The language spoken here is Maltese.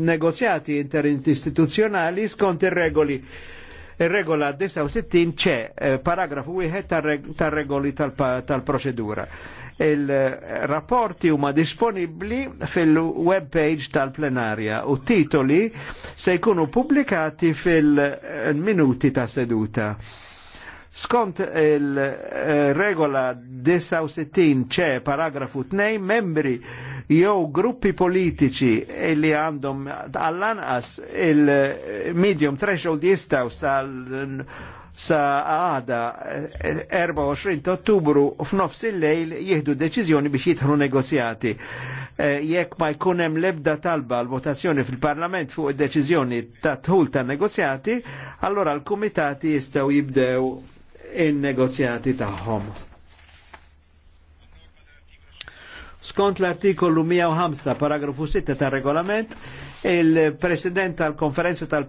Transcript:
negozjati interinstituzjonali skont ir-regoli. Ir-regola 69 c'è eh, paragrafu wieħed tar-regoli tal-proċedura. Il-rapporti huma disponibbli fil-web page tal-plenarja u titoli se jkunu pubblikati fil-minuti ta' seduta. Skont il-regola 69 ċe paragrafu 2 membri jew gruppi politiċi li għandhom għall-anqas il-medium threshold jistaw sal sa għada 24 ottubru f'nofs il-lejl jihdu deċizjoni biex jitħru negozjati. Eh, jekk ma jkunem lebda talba l-votazzjoni fil-Parlament fuq id-deċiżjoni ta' tħul ta' negozjati, allora l-Kumitati jistaw jibdew il negozjati tagħhom. Skont l-artikolu 105 paragrafu 6 tal regolament, il-President tal-Konferenza tal